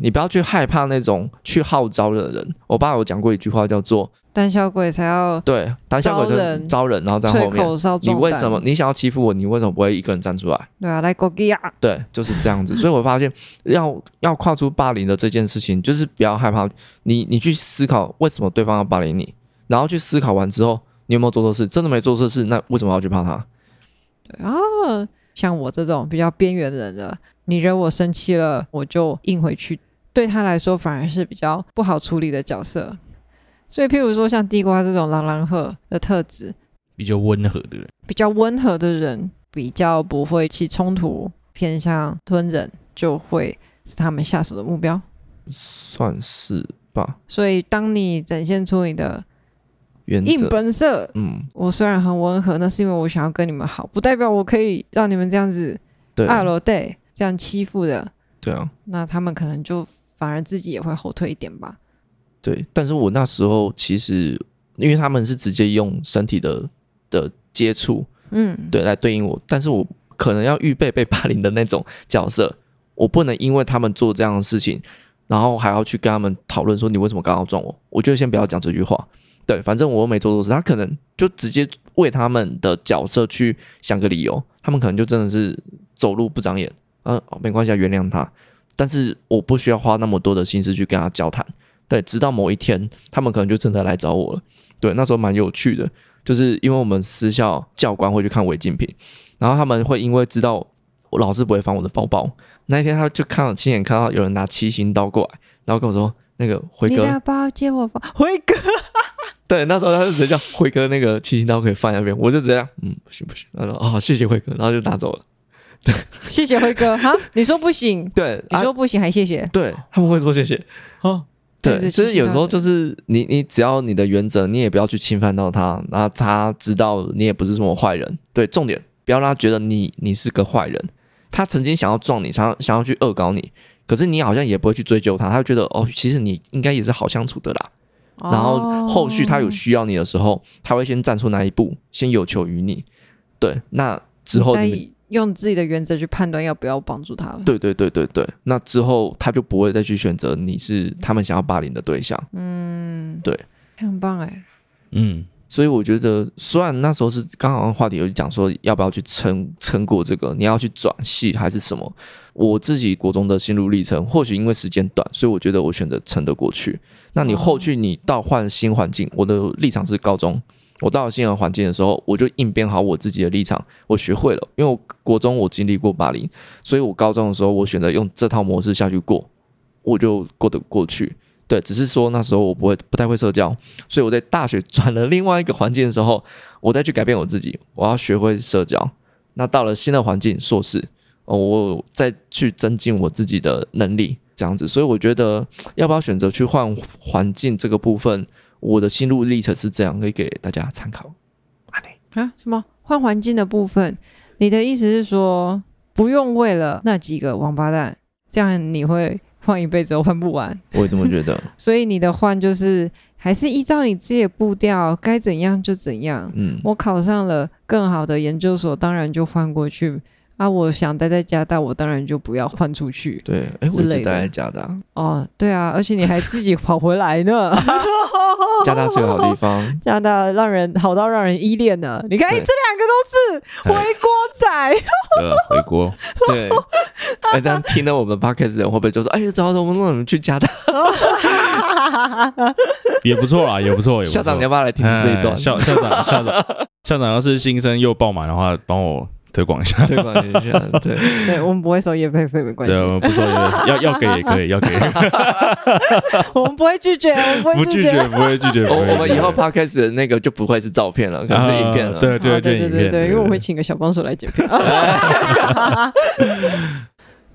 你不要去害怕那種去號召的人。我爸有講過一句話，叫做“膽小鬼才要對膽小鬼就招人，招人推 然後在後面吹口哨。你為什麼？你想要欺負我，你為什麼不會一個人站出來？對啊，來攻擊啊！對，就是這樣子。所以我發現， 要要跨出霸凌的這件事情，就是不要害怕。你你去思考為什麼對方要霸凌你，然後去思考完之後，你有沒有做錯事？真的沒做錯事，那為什麼要去怕他？對啊，像我這種比較邊緣的人了，你惹我生氣了，我就硬回去。對他來說，反而是比較不好處理的角色。所以，譬如說，像地瓜這種狼狼鶴的特質，比較溫和的人，比較溫和的人，比較不會起衝突，偏向吞忍，就會是他們下手的目標，算是吧。所以，當你展現出你的原則硬本色，嗯，我雖然很溫和，那是因為我想要跟你們好，不代表我可以讓你們這樣子二樓對這樣欺負的。對啊，那他們可能就反而自己也會後退一點吧。對，但是我那時候其實，因為他們是直接用身體的的接觸，嗯，對，來對應我，但是我可能要預備被霸凌的那種角色，我不能因為他們做這樣的事情，然後還要去跟他們討論說你為什麼剛好撞我？我就先不要講這句話，對，反正我又沒做錯事，他可能就直接為他們的角色去想個理由，他們可能就真的是走路不長眼。嗯，沒關係，要原諒他。但是我不需要花那麼多的心思去跟他交談。對，直到某一天，他們可能就真的來找我了。對，那時候蠻有趣的，就是因為我們私校教官會去看違禁品，然後他們會因為知道我老師不會翻我的包包，那一天他就看了，親眼看到有人拿七星刀過來，然後跟我說：“那個輝哥，你的包借我放。”輝哥， 對，那時候他就直接叫輝哥，那個七星刀可以放那邊。”我就直接嗯，不行不行，他說：“啊、哦，謝謝輝哥。”然後就拿走了。對， 謝謝輝哥哈。你說不行，對，你說不行還謝謝，啊、對他不會說謝謝哦、啊。對，其實對有時候就是你，你只要你的原則，你也不要去侵犯到他，那他知道你也不是什麼壞人。對，重點不要讓他覺得你你是個壞人。他曾經想要撞你，想要想要去惡搞你，可是你好像也不會去追究他。他會覺得哦，其實你應該也是好相處的啦。然後後續他有需要你的時候，哦、他會先站出那一步，先有求於你。對，那之後你。用自己的原則去判斷要不要幫助他了。對對對對對，那之後他就不會再去選擇你是他們想要霸凌的對象。嗯，對，很棒哎、欸。嗯，所以我覺得，雖然那時候是剛好話題有講說要不要去撐撐過這個，你要去轉系還是什麼，我自己國中的心路歷程，或許因為時間短，所以我覺得我選擇撐得過去。那你後續你到換新環境，嗯、我的立場是高中。我到了新的環境的時候，我就應變好我自己的立場。我學會了，因為我國中我經歷過霸凌，所以我高中的時候我選擇用這套模式下去過，我就過得過去。對，只是說那時候我不會，不太會社交，所以我在大學轉了另外一個環境的時候，我再去改變我自己，我要學會社交。那到了新的環境，碩士，我再去增進我自己的能力，這樣子。所以我覺得，要不要選擇去換環境這個部分？我的心路歷程是這樣，可以給大家參考。啊，什麼、啊、換環境的部分？你的意思是說，不用為了那幾個王八蛋，這樣你會換一輩子都換不完。我也這麼覺得。 所以你的換就是還是依照你自己的步調，該怎樣就怎樣。嗯，我考上了更好的研究所，當然就換過去。啊，我想待在加大，我當然就不要換出去的。對，哎、欸，我只待在加大。哦，對啊，而且你還自己跑回來呢。加 大是個好地方，加大讓人好到讓人依戀呢、啊。你看，對欸、這兩個都是回鍋仔。回鍋。對。那、 欸、這樣聽到我們 podcast 人會不會就說：“哎、欸、呀，你我怎麼怎麼怎去加大 也錯？”也不錯啊，也不錯。校長，你要不要來聽聽這一段？欸、校校長校長 校長，要是，是新生又爆滿的話，幫我。推廣一下，推廣一下，對對，我們不會收業配，沒關係。對，我們不收業配，要要給也可以，要給。我們不會拒絕，我們不會拒絕，不會拒絕。我們以後 Podcast 的那個就不會是照片了，可能是影片了。對對對對對，因為我會請個小幫手來剪片。哈，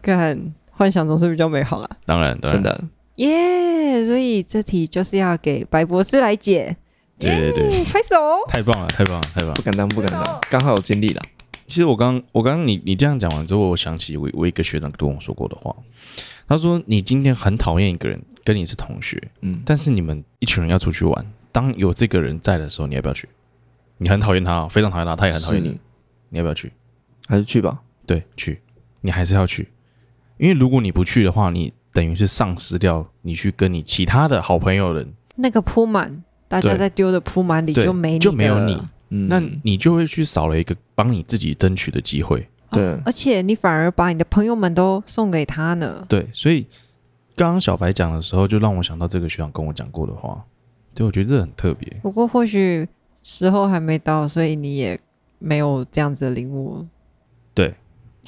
看幻想總是比較美好啦。當然，真的。耶！所以這題就是要給白博士來解。對對對，拍手！太棒了，太棒了，太棒了。不敢當，不敢當，剛好有精力啦。其實我剛，我剛剛你你這樣講完之後，我想起我我一個學長跟我說過的話，他說，你今天很討厭一個人，跟你是同學，嗯，但是你們一群人要出去玩，當有這個人在的時候，你要不要去？你很討厭他哦，非常討厭他，他也很討厭你，是你要不要去？還是去吧，對，去，你還是要去，因為如果你不去的話，你等於是喪失掉你去跟你其他的好朋友的人，那個撲滿，大家在丟的撲滿裡就沒你就沒有你。那你就會去少了一個幫你自己爭取的機會，對、嗯啊，而且你反而把你的朋友們都送給他呢。對，所以剛剛小白講的時候，就讓我想到這個學長跟我講過的話。對我覺得這很特別。不過或許時候還沒到，所以你也沒有這樣子的領悟。對，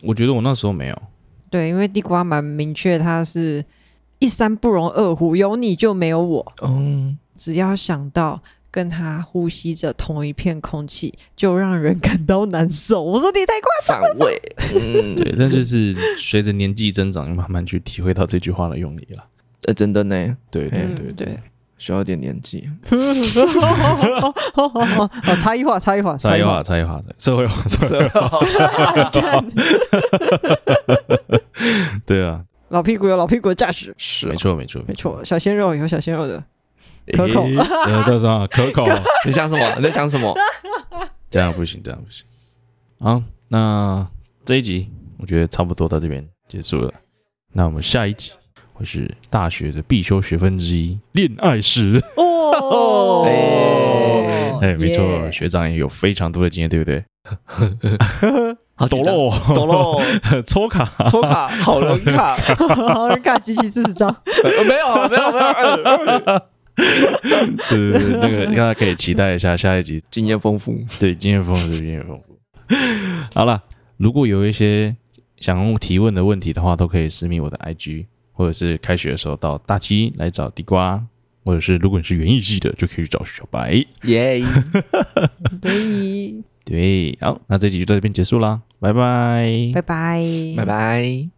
我覺得我那時候沒有。對，因為地瓜蠻明確，他是一山不容二虎，有你就沒有我。嗯，只要想到。跟他呼吸着同一片空氣，就讓人感到難受。我說你太誇張了。嗯，對，那就是隨着年紀增長，慢慢去體會到這句話的用意了。呃、欸，真的呢。對對對對，嗯、需要一點年紀。哈哈哈哈哈！哦哦差異化，差異化，差異化，差異化，差異化，社會化，社會化。化 I can. 對啊，老屁股有老屁股的價值，是、哦、沒錯沒錯沒錯。小鮮肉有小鮮肉的。可口、欸，可口，你在想什麼？你在想什麼？這樣不行，這樣不行。好，那這一集我覺得差不多到這邊結束了。那我們下一集會是大學的必修學分之一——戀愛史。哦，哎、欸，欸、沒錯，欸、學長也有非常多的經驗，對不對？好，躲嘍，躲嘍，抽卡，抽卡，好人卡，好人卡，集齊四十張。沒有，沒有，沒有。對對對，那個大家可以期待一下下一集，經驗豐富。對，經驗豐富，經驗豐富。好了，如果有一些想提問的問題的話，都可以私密我的 IG，或者是開學的時候到大七來找地瓜，或者是如果你是園藝系的，就可以去找小白。耶，Yeah. 對，對，好，那這集就到這邊結束啦，拜拜，拜拜 bye，拜拜。